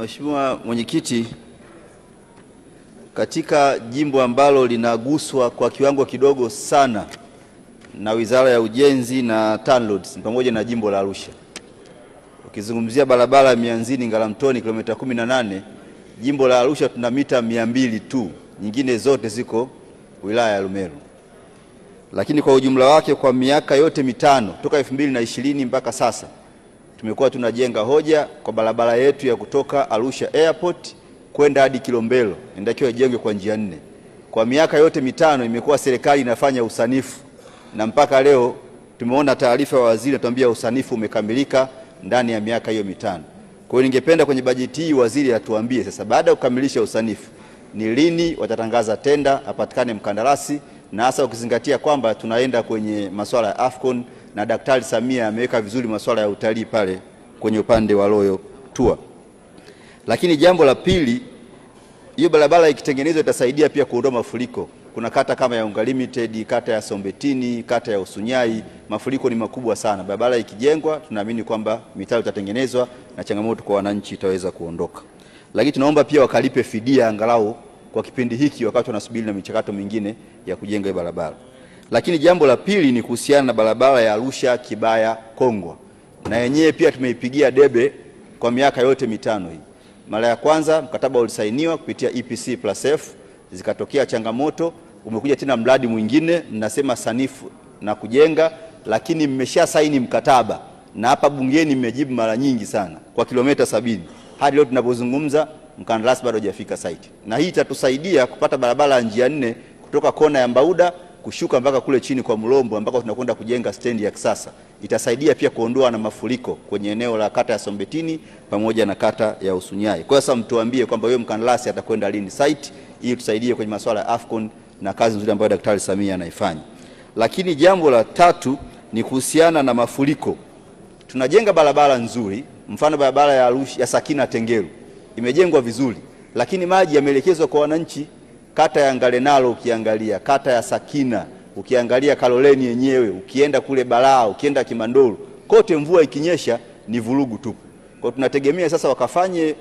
Mheshimiwa Mwenyekiti, katika jimbo ambalo linaguswa kwa kiwango kidogo sana na Wizara ya Ujenzi na TANROADS pamoja na jimbo la Arusha, ukizungumzia barabara ya Mianzini Ngaramtoni kilomita 18, jimbo la Arusha tuna mita mia mbili tu, nyingine zote ziko wilaya ya Rumeru. Lakini kwa ujumla wake, kwa miaka yote mitano toka 2020 mpaka sasa tumekuwa tunajenga hoja kwa barabara yetu ya kutoka Arusha Airport kwenda hadi Kilombero inatakiwa ijengwe kwa njia nne. Kwa miaka yote mitano imekuwa serikali inafanya usanifu na mpaka leo tumeona taarifa ya waziri anatuambia usanifu umekamilika ndani ya miaka hiyo mitano. Kwa hiyo ningependa kwenye bajeti hii waziri atuambie sasa, baada ya kukamilisha usanifu, ni lini watatangaza tenda, apatikane mkandarasi, na hasa ukizingatia kwamba tunaenda kwenye masuala ya Afcon na Daktari Samia ameweka vizuri masuala ya utalii pale kwenye upande wa Royal Tour. Lakini jambo la pili, hiyo barabara ikitengenezwa itasaidia pia kuondoa mafuriko. Kuna kata kama ya Unga Limited, kata ya Sombetini, kata ya Usunyai, mafuriko ni makubwa sana. Barabara ikijengwa, tunaamini kwamba mitaro itatengenezwa na changamoto kwa wananchi itaweza kuondoka. Lakini tunaomba pia wakalipe fidia angalau kwa kipindi hiki, wakati wanasubiri na michakato mingine ya kujenga barabara. Lakini jambo la pili ni kuhusiana na barabara ya Arusha Kibaya Kongwa, na yenyewe pia tumeipigia debe kwa miaka yote mitano hii. Mara ya kwanza mkataba ulisainiwa kupitia EPC plus F, zikatokea changamoto, umekuja tena mradi mwingine, mnasema sanifu na kujenga, lakini mmesha saini mkataba, na hapa bungeni mmejibu mara nyingi sana kwa kilomita sabini. Hadi leo tunapozungumza mkandarasi bado hajafika site, na hii itatusaidia kupata barabara ya njia nne kutoka kona ya Mbauda kushuka mpaka kule chini kwa Mlombo ambako tunakwenda kujenga stendi ya kisasa. Itasaidia pia kuondoa na mafuriko kwenye eneo la kata ya Sombetini pamoja na kata ya Usunyai. Kwa sasa mtuambie kwamba wewe mkandarasi atakwenda lini site ili tusaidie kwenye masuala ya Afcon na kazi nzuri ambayo Daktari Samia anaifanya. Lakini jambo la tatu ni kuhusiana na mafuriko. Tunajenga barabara nzuri, mfano barabara ya Arusha ya Sakina Tengeru imejengwa vizuri, lakini maji yameelekezwa kwa wananchi kata ya Ngarenalo ukiangalia, kata ya Sakina ukiangalia, Kaloleni yenyewe, ukienda kule Balaa, ukienda Kimandolu, kote mvua ikinyesha ni vurugu tu. Kwa tunategemea sasa wakafanye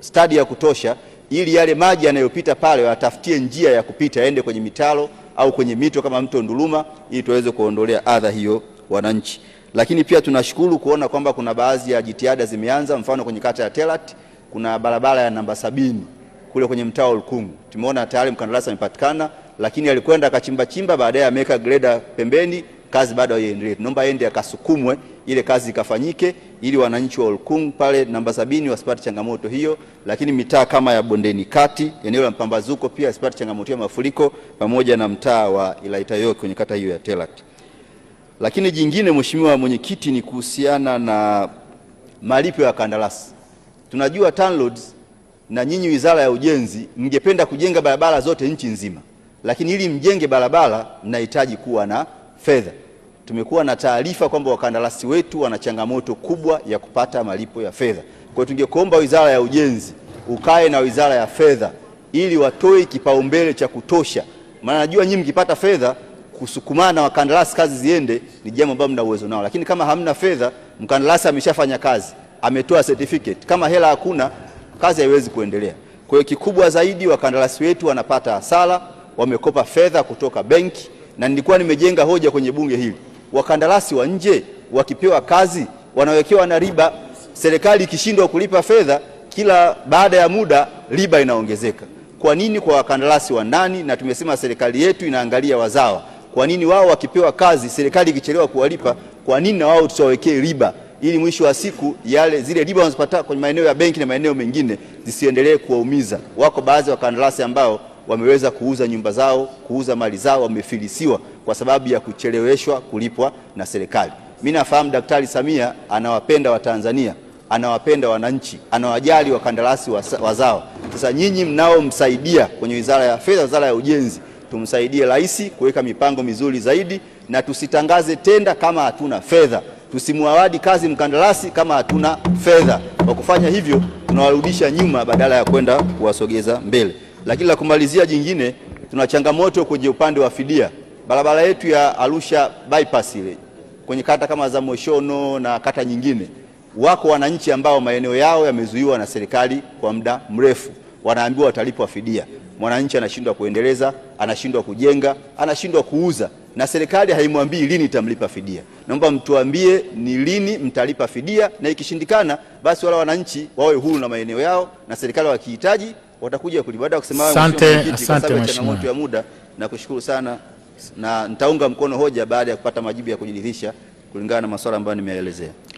stadi ya kutosha, ili yale maji yanayopita pale watafutie njia ya kupita aende kwenye mitalo au kwenye mito kama mto Nduluma, ili tuweze kuondolea adha hiyo wananchi. Lakini pia tunashukuru kuona kwamba kuna baadhi ya jitihada zimeanza, mfano kwenye kata ya Telat kuna barabara ya namba sabini kule kwenye mtaa Lukungu. Tumeona tayari mkandarasi amepatikana, lakini alikwenda akachimba chimba, baadaye ameweka greda pembeni, kazi bado haiendelee. Tunaomba aende akasukumwe ile kazi ikafanyike, ili wananchi wa Lukungu pale namba sabini wasipate changamoto hiyo, lakini mitaa kama ya Bondeni Kati, eneo la Mpambazuko pia asipate changamoto ya mafuriko, pamoja na mtaa wa Ilaitayo kwenye kata hiyo ya Telat. Lakini jingine, Mheshimiwa Mwenyekiti, ni kuhusiana na malipo ya kandarasi. Tunajua TANROADS na nyinyi Wizara ya Ujenzi mngependa kujenga barabara zote nchi nzima, lakini ili mjenge barabara mnahitaji kuwa na fedha. Tumekuwa na taarifa kwamba wakandarasi wetu wana changamoto kubwa ya kupata malipo ya fedha. Kwa hiyo tungekuomba Wizara ya Ujenzi ukae na Wizara ya Fedha ili watoe kipaumbele cha kutosha, maana najua nyinyi mkipata fedha kusukumana na wakandarasi kazi ziende ni jambo ambalo mna uwezo nao, lakini kama hamna fedha, mkandarasi ameshafanya kazi, ametoa certificate, kama hela hakuna kazi haiwezi kuendelea. Kwa hiyo kikubwa zaidi, wakandarasi wetu wanapata hasara, wamekopa fedha kutoka benki, na nilikuwa nimejenga hoja kwenye bunge hili, wakandarasi wa nje wakipewa kazi wanawekewa na riba. Serikali ikishindwa kulipa fedha, kila baada ya muda riba inaongezeka. Kwa nini kwa wakandarasi wa ndani? Na tumesema serikali yetu inaangalia wazawa. Kwa nini wao wakipewa kazi, serikali ikichelewa kuwalipa, kwa nini na wao tusiwawekee riba? ili mwisho wa siku yale zile riba wanazopata kwenye maeneo ya benki na maeneo mengine zisiendelee kuwaumiza. Wako baadhi ya wakandarasi ambao wameweza kuuza nyumba zao, kuuza mali zao, wamefilisiwa kwa sababu ya kucheleweshwa kulipwa na serikali. Mimi nafahamu Daktari Samia anawapenda Watanzania, anawapenda wananchi, anawajali wakandarasi wazao. Sasa nyinyi mnaomsaidia kwenye wizara ya fedha, wizara ya ujenzi, tumsaidie rais kuweka mipango mizuri zaidi, na tusitangaze tenda kama hatuna fedha. Tusimwawadi kazi mkandarasi kama hatuna fedha. Kwa kufanya hivyo, tunawarudisha nyuma badala ya kwenda kuwasogeza mbele. Lakini la kumalizia jingine, tuna changamoto kwenye upande wa fidia. Barabara yetu ya Arusha bypass ile kwenye kata kama za Moshono na kata nyingine, wako wananchi ambao maeneo yao yamezuiwa na serikali kwa muda mrefu, wanaambiwa watalipwa fidia. Mwananchi anashindwa kuendeleza, anashindwa kujenga, anashindwa kuuza na serikali haimwambii lini itamlipa fidia. Naomba mtuambie ni lini mtalipa fidia, na ikishindikana basi wala wananchi wawe huru na maeneo yao, na serikali wakihitaji watakuja ya kusema. Asante, asante mheshimiwa, changamoto ya muda na kushukuru sana, na nitaunga mkono hoja baada ya kupata majibu ya kujiridhisha kulingana na masuala ambayo nimeelezea.